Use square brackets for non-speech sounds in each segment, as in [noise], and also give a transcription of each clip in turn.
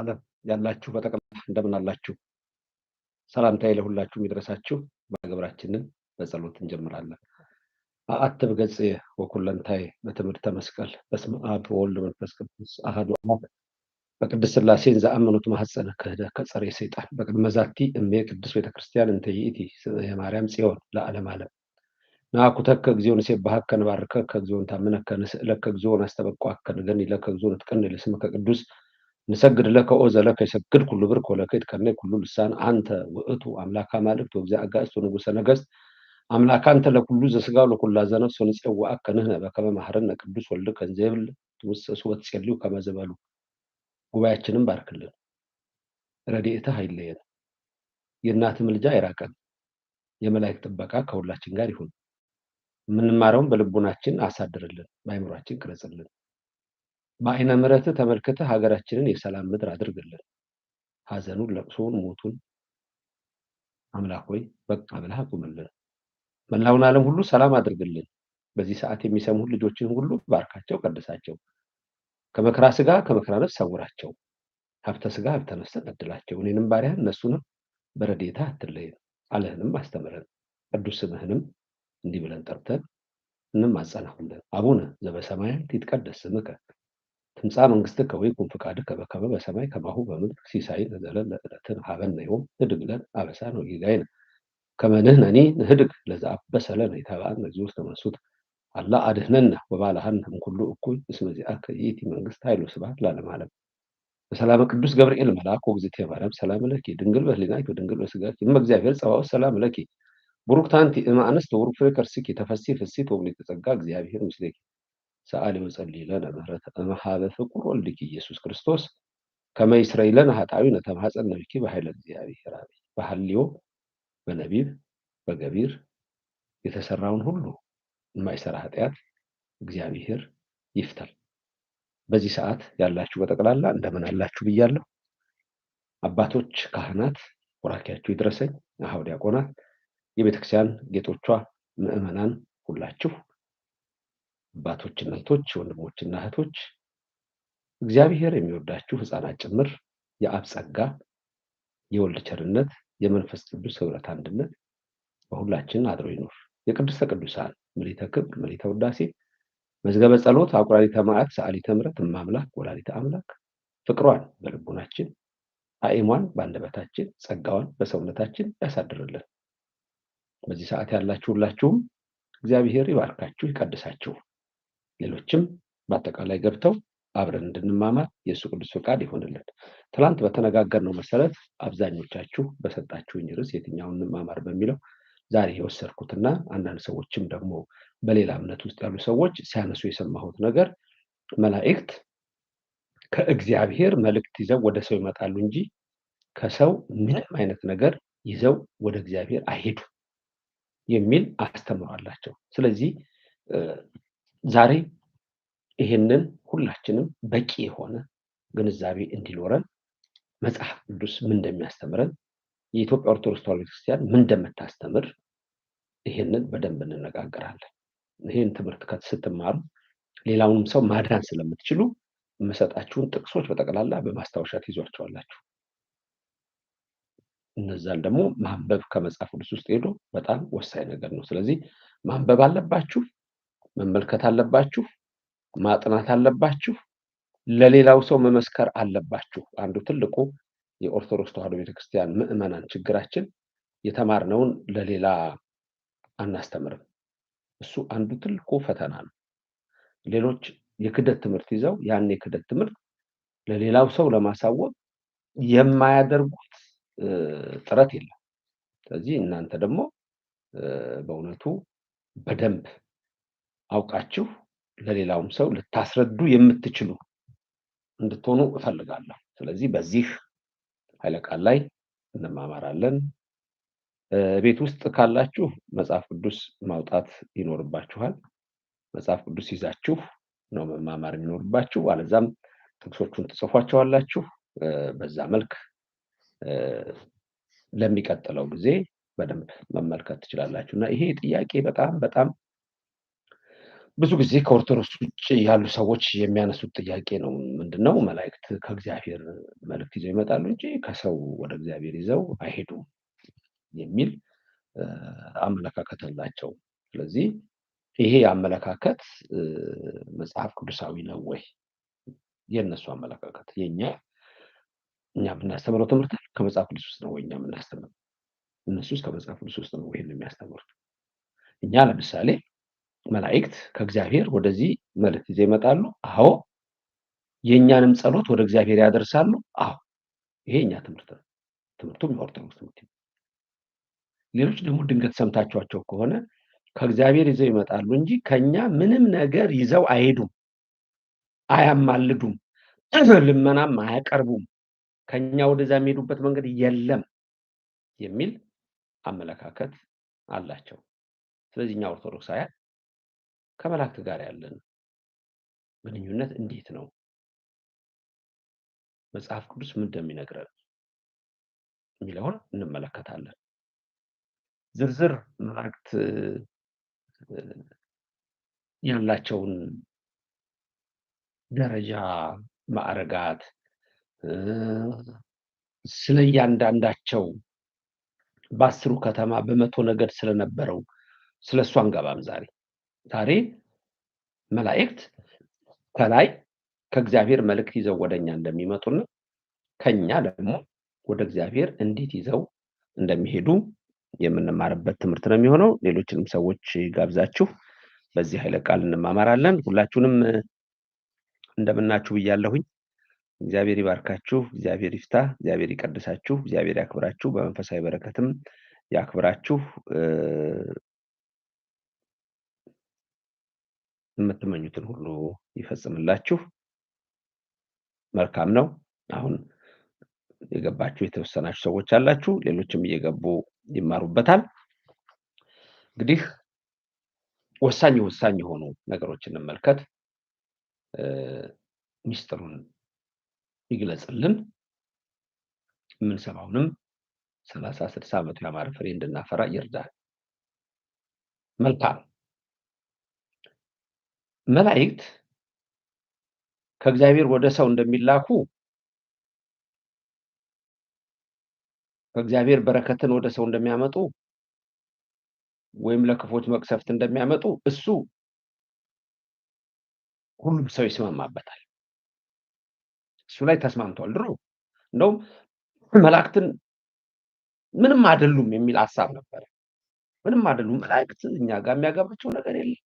ዓለም ያላችሁ በጠቅላላ እንደምን አላችሁ? ሰላምታዬ ለሁላችሁም የሚደረሳችሁ። መግብራችንን በጸሎት እንጀምራለን። አአትብ ገጽ ወኩለንታይ በትምህርተ መስቀል በስመ አብ ወወልድ መንፈስ ቅዱስ አሐዱ አምላክ በቅድስት ስላሴ ዘአመኑት ማህፀነ ክህደ ከጸሬ ሰይጣን በቅድመ ዛቲ እሜ ቅዱስ ቤተክርስቲያን እንተ ይእቲ የማርያም ጽዮን ለዓለም ዓለም ናኩተከ እግዚኦ ንሴብሐከ ንባርከከ እግዚኦ ንታምነከ ንስእለከ እግዚኦ ናስተበቋከ ንገኒ ለከ እግዚኦ ንጥቀኒ ለስምከ ቅዱስ ንሰግድ ለከ ኦ ዘለከ ይሰግድ ኩሉ ብርክ ወለከ ይትቀነይ ኩሉ ልሳን አንተ ውእቱ አምላካ ማልክት ወግዜ አጋእዝት ንጉሰ ነገስት አምላካ አንተ ለኩሉ ዘስጋ ለኩላ ዘነፍስ ወንጽዋአከ ንህነ በከመ ማህረነ ቅዱስ ወልድከ እንዘ ትውሰሱ ትውስእሱ ወትጼልዩ ከመ ዝበሉ። ባርክልን፣ ረድኤትህ አይለየን፣ የእናት ምልጃ አይራቀን፣ የመላእክት ጥበቃ ከሁላችን ጋር ይሁን። የምንማረውን በልቡናችን አሳድርልን፣ በአይምሯችን ቅረጽልን። በአይነ ምረት ተመልክተህ ሀገራችንን የሰላም ምድር አድርግልን። ሀዘኑን፣ ለቅሶውን፣ ሞቱን አምላክ ሆይ በቃ ብለህ አቁምልን። መላውን ዓለም ሁሉ ሰላም አድርግልን። በዚህ ሰዓት የሚሰሙ ልጆችን ሁሉ ባርካቸው፣ ቀድሳቸው፣ ከመከራ ስጋ ከመከራ ነፍስ ሰውራቸው፣ ሀብተ ስጋ ሀብተ ነፍስ ቀድላቸው። እኔንም ባሪያ እነሱንም በረዴታ አትለይን። አለህንም አስተምረን፣ ቅዱስ ስምህንም እንዲህ ብለን ጠርተን እንማጸናሁልን። አቡነ ዘበሰማያት ይትቀደስ ስምከ ትምፃ መንግስትከ ወይኩን ፍቃድ በከመ በሰማይ ከማሁ በምድር ሲሳይ ዘለለ ዕለትነ ሀበነ ዮም ንኅድግ ለነ አበሳነ ወጌጋየነ ከመ ንሕነኒ ንኅድግ ለዘአበሰ ለነ ኢተብአነ እግዚኦ ተመሱት አላ አድኅነነ ወባልሐነ እምኩሉ እኩይ እስመ ዚአከ ይእቲ መንግሥት ኃይሉ ስብሐት ላለማለም ዓለም። ቅዱስ ገብርኤል መልአክ ወእግዝእትየ ማርያም ሰላም ለኪ ድንግል በህሊናኪ ድንግል በስጋኪ እመ እግዚአብሔር ጸባኦት ሰላም ለኪ ቡሩክት አንቲ እም አንስት ወቡሩክ ፍሬ ከርሥኪ ተፈሥሒ ፍሥሕት ወሙሌተ ጸጋ እግዚአብሔር ምስሌኪ ሰአሊ ወጸልይ ለነ ምህረት እምሃበ ፍቁር ወልድኪ ኢየሱስ ክርስቶስ ከመ ይስረይ ለነ ኃጣውኢነ ተማኅፀነ ብኪ በኃይለ እግዚአብሔር አሜን። በሐልዮ በነቢብ በገቢር የተሰራውን ሁሉ የማይሰራ ኃጢአት እግዚአብሔር ይፍታል። በዚህ ሰዓት ያላችሁ በጠቅላላ እንደምን አላችሁ ብያለሁ። አባቶች፣ ካህናት ቡራኬያችሁ ይድረሰኝ። አኀው ዲያቆናት፣ የቤተክርስቲያን ጌጦቿ፣ ምዕመናን ሁላችሁ አባቶች፣ እህቶች፣ ወንድሞችና እህቶች እግዚአብሔር የሚወዳችሁ ህፃናት ጭምር የአብ ጸጋ የወልድ ቸርነት የመንፈስ ቅዱስ ህብረት አንድነት በሁላችን አድሮ ይኖር። የቅድስተ ቅዱሳን ምልዕተ ክብር ምልዕተ ውዳሴ መዝገበ ጸሎት አቁራሪተ መዓት ሰዓሊተ ምሕረት እማምላክ ወላዲተ አምላክ ፍቅሯን በልቡናችን አእሟን በአንደበታችን ጸጋዋን በሰውነታችን ያሳድርልን። በዚህ ሰዓት ያላችሁ ሁላችሁም እግዚአብሔር ይባርካችሁ ይቀድሳችሁ። ሌሎችም በአጠቃላይ ገብተው አብረን እንድንማማር የእሱ ቅዱስ ፈቃድ ይሆንልን። ትላንት በተነጋገርነው መሰረት አብዛኞቻችሁ በሰጣችሁኝ ርዕስ የትኛውን እንማማር በሚለው ዛሬ የወሰድኩትና አንዳንድ ሰዎችም ደግሞ በሌላ እምነት ውስጥ ያሉ ሰዎች ሲያነሱ የሰማሁት ነገር መላእክት ከእግዚአብሔር መልእክት ይዘው ወደ ሰው ይመጣሉ እንጂ ከሰው ምንም አይነት ነገር ይዘው ወደ እግዚአብሔር አይሄዱ የሚል አስተምሯላቸው። ስለዚህ ዛሬ ይህንን ሁላችንም በቂ የሆነ ግንዛቤ እንዲኖረን መጽሐፍ ቅዱስ ምን እንደሚያስተምረን የኢትዮጵያ ኦርቶዶክስ ተዋሕዶ ቤተክርስቲያን ምን እንደምታስተምር ይህንን በደንብ እንነጋገራለን። ይህን ትምህርት ስትማሩ ሌላውንም ሰው ማዳን ስለምትችሉ የምሰጣችሁን ጥቅሶች በጠቅላላ በማስታወሻ ትይዟቸዋላችሁ። እነዛን ደግሞ ማንበብ ከመጽሐፍ ቅዱስ ውስጥ ሄዶ በጣም ወሳኝ ነገር ነው። ስለዚህ ማንበብ አለባችሁ። መመልከት አለባችሁ፣ ማጥናት አለባችሁ፣ ለሌላው ሰው መመስከር አለባችሁ። አንዱ ትልቁ የኦርቶዶክስ ተዋሕዶ ቤተክርስቲያን ምዕመናን ችግራችን የተማርነውን ለሌላ አናስተምርም። እሱ አንዱ ትልቁ ፈተና ነው። ሌሎች የክደት ትምህርት ይዘው ያን የክደት ትምህርት ለሌላው ሰው ለማሳወቅ የማያደርጉት ጥረት የለም። ስለዚህ እናንተ ደግሞ በእውነቱ በደንብ አውቃችሁ ለሌላውም ሰው ልታስረዱ የምትችሉ እንድትሆኑ እፈልጋለሁ። ስለዚህ በዚህ ኃይለ ቃል ላይ እንማማራለን። ቤት ውስጥ ካላችሁ መጽሐፍ ቅዱስ ማውጣት ይኖርባችኋል። መጽሐፍ ቅዱስ ይዛችሁ ነው መማማር የሚኖርባችሁ። አለዛም ጥቅሶቹን ትጽፏቸዋላችሁ። በዛ መልክ ለሚቀጥለው ጊዜ በደንብ መመልከት ትችላላችሁ እና ይሄ ጥያቄ በጣም በጣም ብዙ ጊዜ ከኦርቶዶክስ ውጭ ያሉ ሰዎች የሚያነሱት ጥያቄ ነው። ምንድነው? መላእክት ከእግዚአብሔር መልእክት ይዘው ይመጣሉ እንጂ ከሰው ወደ እግዚአብሔር ይዘው አይሄዱም የሚል አመለካከት አላቸው። ስለዚህ ይሄ አመለካከት መጽሐፍ ቅዱሳዊ ነው ወይ? የእነሱ አመለካከት የኛ እኛ የምናስተምረው ትምህርት ከመጽሐፍ ቅዱስ ውስጥ ነው ወይ እኛ የምናስተምረው? እነሱስ ከመጽሐፍ ቅዱስ ውስጥ ነው ወይ የሚያስተምሩት? እኛ ለምሳሌ መላእክት ከእግዚአብሔር ወደዚህ መልእክት ይዘው ይመጣሉ። አዎ። የእኛንም ጸሎት ወደ እግዚአብሔር ያደርሳሉ። አዎ። ይሄ እኛ ትምህርት ነው። ትምህርቱም የኦርቶዶክስ ትምህርት ነው። ሌሎች ደግሞ ድንገት ሰምታችኋቸው ከሆነ ከእግዚአብሔር ይዘው ይመጣሉ እንጂ ከኛ ምንም ነገር ይዘው አይሄዱም፣ አያማልዱም፣ [clears throat] ልመናም አያቀርቡም፣ ከኛ ወደዛ የሚሄዱበት መንገድ የለም የሚል አመለካከት አላቸው። ስለዚህ እኛ ኦርቶዶክሳውያን ከመላእክት ጋር ያለን ግንኙነት እንዴት ነው? መጽሐፍ ቅዱስ ምን እንደሚነግረን የሚለውን እንመለከታለን። ዝርዝር መላእክት ያላቸውን ደረጃ፣ ማዕረጋት ስለ እያንዳንዳቸው በአስሩ ከተማ በመቶ ነገድ ስለነበረው ስለ እሱ አንገባም ዛሬ ዛሬ መላእክት ከላይ ከእግዚአብሔር መልእክት ይዘው ወደኛ እንደሚመጡና ከኛ ደግሞ ወደ እግዚአብሔር እንዴት ይዘው እንደሚሄዱ የምንማርበት ትምህርት ነው የሚሆነው። ሌሎችንም ሰዎች ጋብዛችሁ በዚህ ኃይለ ቃል እንማማራለን። ሁላችሁንም እንደምናችሁ ብያለሁኝ። እግዚአብሔር ይባርካችሁ፣ እግዚአብሔር ይፍታ፣ እግዚአብሔር ይቀድሳችሁ፣ እግዚአብሔር ያክብራችሁ፣ በመንፈሳዊ በረከትም ያክብራችሁ። የምትመኙትን ሁሉ ይፈጽምላችሁ። መልካም ነው። አሁን የገባችሁ የተወሰናችሁ ሰዎች አላችሁ፣ ሌሎችም እየገቡ ይማሩበታል። እንግዲህ ወሳኝ ወሳኝ የሆኑ ነገሮች እንመልከት። ሚስጥሩን ይግለጽልን። የምንሰማውንም ሰላሳ ስድሳ መቶ የአማር ፍሬ እንድናፈራ ይርዳል። መልካም መላእክት ከእግዚአብሔር ወደ ሰው እንደሚላኩ ከእግዚአብሔር በረከትን ወደ ሰው እንደሚያመጡ ወይም ለክፎች መቅሰፍት እንደሚያመጡ እሱ ሁሉም ሰው ይስማማበታል። እሱ ላይ ተስማምቷል። ድሮ እንደውም መላእክትን ምንም አይደሉም የሚል ሀሳብ ነበር ምንም አይደሉም መላእክት እኛ ጋር የሚያገባቸው ነገር የለም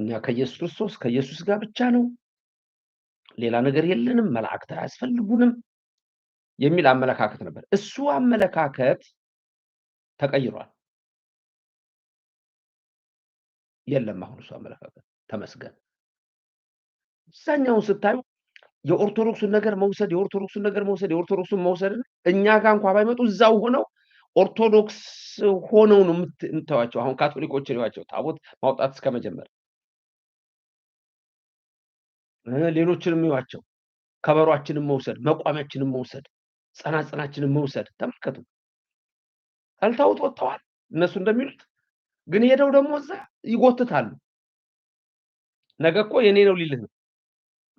እኛ ከኢየሱስ ክርስቶስ ከኢየሱስ ጋር ብቻ ነው፣ ሌላ ነገር የለንም፣ መላእክት አያስፈልጉንም የሚል አመለካከት ነበር። እሱ አመለካከት ተቀይሯል። የለም አሁን እሱ አመለካከት ተመስገን። እዛኛውን ስታዩ የኦርቶዶክሱን ነገር መውሰድ የኦርቶዶክሱን ነገር መውሰድ የኦርቶዶክሱን መውሰድ እኛ ጋር እንኳ ባይመጡ እዛው ሆነው ኦርቶዶክስ ሆነው ነው የምታዩቸው። አሁን ካቶሊኮች እዩዋቸው፣ ታቦት ማውጣት እስከመጀመር ሌሎችንም ይዋቸው። ከበሯችንን መውሰድ፣ መቋሚያችንን መውሰድ፣ ጸናጸናችንን መውሰድ። ተመልከቱ ጠልታውት ወጥተዋል። እነሱ እንደሚሉት ግን ሄደው ደግሞ እዛ ይጎትታሉ። ነገ እኮ የኔ ነው ሊልህ ነው።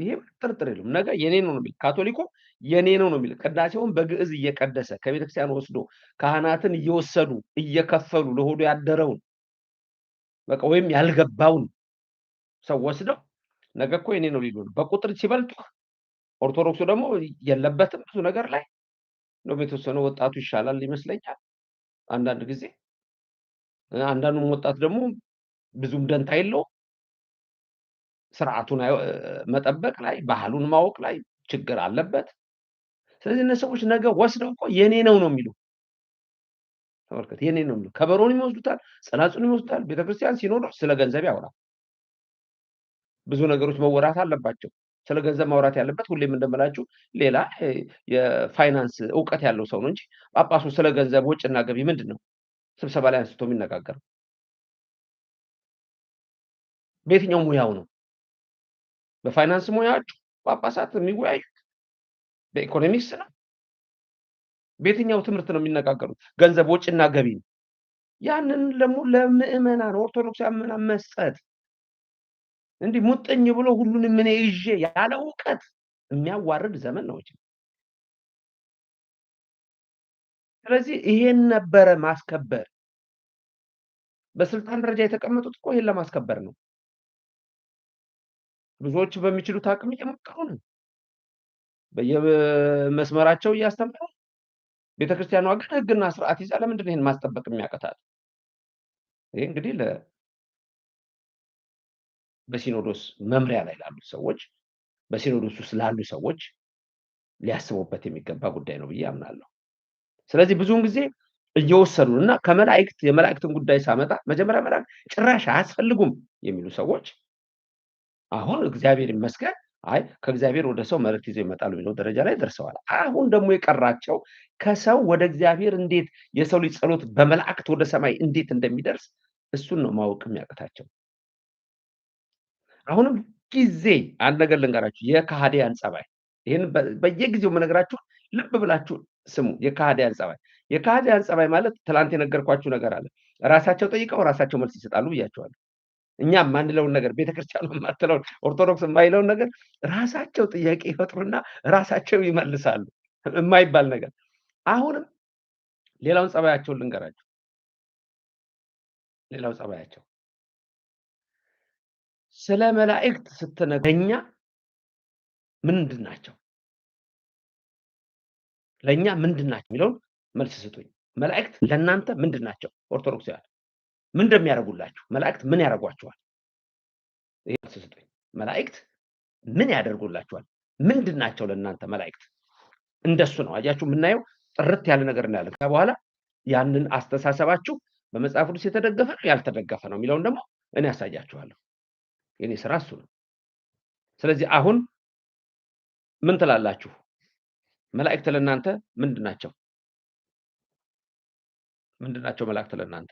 ይሄ ጥርጥር የለም። ነገ የኔ ነው ነው የሚል ካቶሊኮ የኔ ነው ነው የሚል ቅዳሴውን በግዕዝ እየቀደሰ ከቤተክርስቲያን ወስዶ ካህናትን እየወሰዱ እየከፈሉ ለሆዱ ያደረውን በቃ ወይም ያልገባውን ሰው ወስደው ነገ እኮ የኔ ነው ሊሉ በቁጥር ሲበልጡ ኦርቶዶክሱ ደግሞ የለበትም ብዙ ነገር ላይ ነው የተወሰነ ወጣቱ ይሻላል ይመስለኛል። አንዳንድ ጊዜ አንዳንዱም ወጣት ደግሞ ብዙም ደንታ የለው ስርዓቱን መጠበቅ ላይ ባህሉን ማወቅ ላይ ችግር አለበት። ስለዚህ እነ ሰዎች ነገ ወስደው እኮ የኔ ነው ነው የሚሉ ተመልከት፣ የኔ ነው ከበሮን ይወስዱታል፣ ጸናጽሉን ይወስዱታል። ቤተክርስቲያን ሲኖር ስለ ገንዘብ ያውራል ብዙ ነገሮች መወራት አለባቸው። ስለ ገንዘብ ማውራት ያለበት ሁሌም እንደምላችሁ ሌላ የፋይናንስ እውቀት ያለው ሰው ነው እንጂ ጳጳሱ ስለ ገንዘብ ወጭና ገቢ ምንድን ነው ስብሰባ ላይ አንስቶ የሚነጋገረው? በየትኛው ሙያው ነው? በፋይናንስ ሙያችሁ ጳጳሳት የሚወያዩት? በኢኮኖሚክስ ነው? በየትኛው ትምህርት ነው የሚነጋገሩት? ገንዘብ ወጭና ገቢ ነው። ያንን ደግሞ ለምእመናን ኦርቶዶክስ ምዕመናን መስጠት እንዲህ ሙጥኝ ብሎ ሁሉንም ምን ይዤ ያለ እውቀት የሚያዋርድ ዘመን ነው። ስለዚህ ይሄን ነበረ ማስከበር። በስልጣን ደረጃ የተቀመጡት እኮ ይሄን ለማስከበር ነው። ብዙዎች በሚችሉት አቅም እየሞከሩ ነው። በየመስመራቸው እያስተምራል። ቤተክርስቲያኗ ግን ህግና ስርዓት ይዛ ለምንድን ነው ይህን ማስጠበቅ የሚያቀታት? ይህ እንግዲህ በሲኖዶስ መምሪያ ላይ ላሉ ሰዎች፣ በሲኖዶስ ውስጥ ላሉ ሰዎች ሊያስቡበት የሚገባ ጉዳይ ነው ብዬ አምናለሁ። ስለዚህ ብዙውን ጊዜ እየወሰዱ እና ከመላእክት የመላእክትን ጉዳይ ሳመጣ መጀመሪያ መላክ ጭራሽ አያስፈልጉም የሚሉ ሰዎች አሁን እግዚአብሔር ይመስገን አይ ከእግዚአብሔር ወደ ሰው መልእክት ይዘው ይመጣሉ የሚለው ደረጃ ላይ ደርሰዋል። አሁን ደግሞ የቀራቸው ከሰው ወደ እግዚአብሔር እንዴት የሰው ልጅ ጸሎት በመላእክት ወደ ሰማይ እንዴት እንደሚደርስ እሱን ነው ማወቅ የሚያቅታቸው። አሁንም ጊዜ አንድ ነገር ልንገራችሁ፣ የካህዲያን ጸባይ ይህን በየጊዜው የምነግራችሁ ልብ ብላችሁ ስሙ። የካህዲያን ጸባይ የካህዲያን ጸባይ ማለት ትላንት የነገርኳችሁ ነገር አለ። ራሳቸው ጠይቀው ራሳቸው መልስ ይሰጣሉ ብያቸዋለሁ። እኛ የማንለውን ነገር ቤተክርስቲያኑ የማትለውን ኦርቶዶክስ የማይለውን ነገር ራሳቸው ጥያቄ ይፈጥሩና ራሳቸው ይመልሳሉ። የማይባል ነገር። አሁንም ሌላውን ጸባያቸውን ልንገራቸው ሌላው ጸባያቸው ስለ መላእክት ስትነግረኛ ምንድን ናቸው ለእኛ ምንድን ናቸው የሚለውን መልስ ስጡኝ። መላእክት ለእናንተ ምንድን ናቸው? ኦርቶዶክሳውያን ምን እንደሚያደርጉላችሁ መላእክት ምን ያደርጓችኋል? ይህ መልስ ስጡኝ። መላእክት ምን ያደርጉላችኋል? ምንድን ናቸው ለእናንተ መላእክት? እንደሱ ነው አያችሁ፣ የምናየው ጥርት ያለ ነገር እናያለ ከዛ በኋላ ያንን አስተሳሰባችሁ በመጽሐፍ ቅዱስ የተደገፈ ነው ያልተደገፈ ነው የሚለውን ደግሞ እኔ ያሳያችኋለሁ። የኔ ስራ እሱ ነው። ስለዚህ አሁን ምን ትላላችሁ? መላእክት ለእናንተ ምንድን ናቸው? ምንድን ናቸው መላእክት ለእናንተ?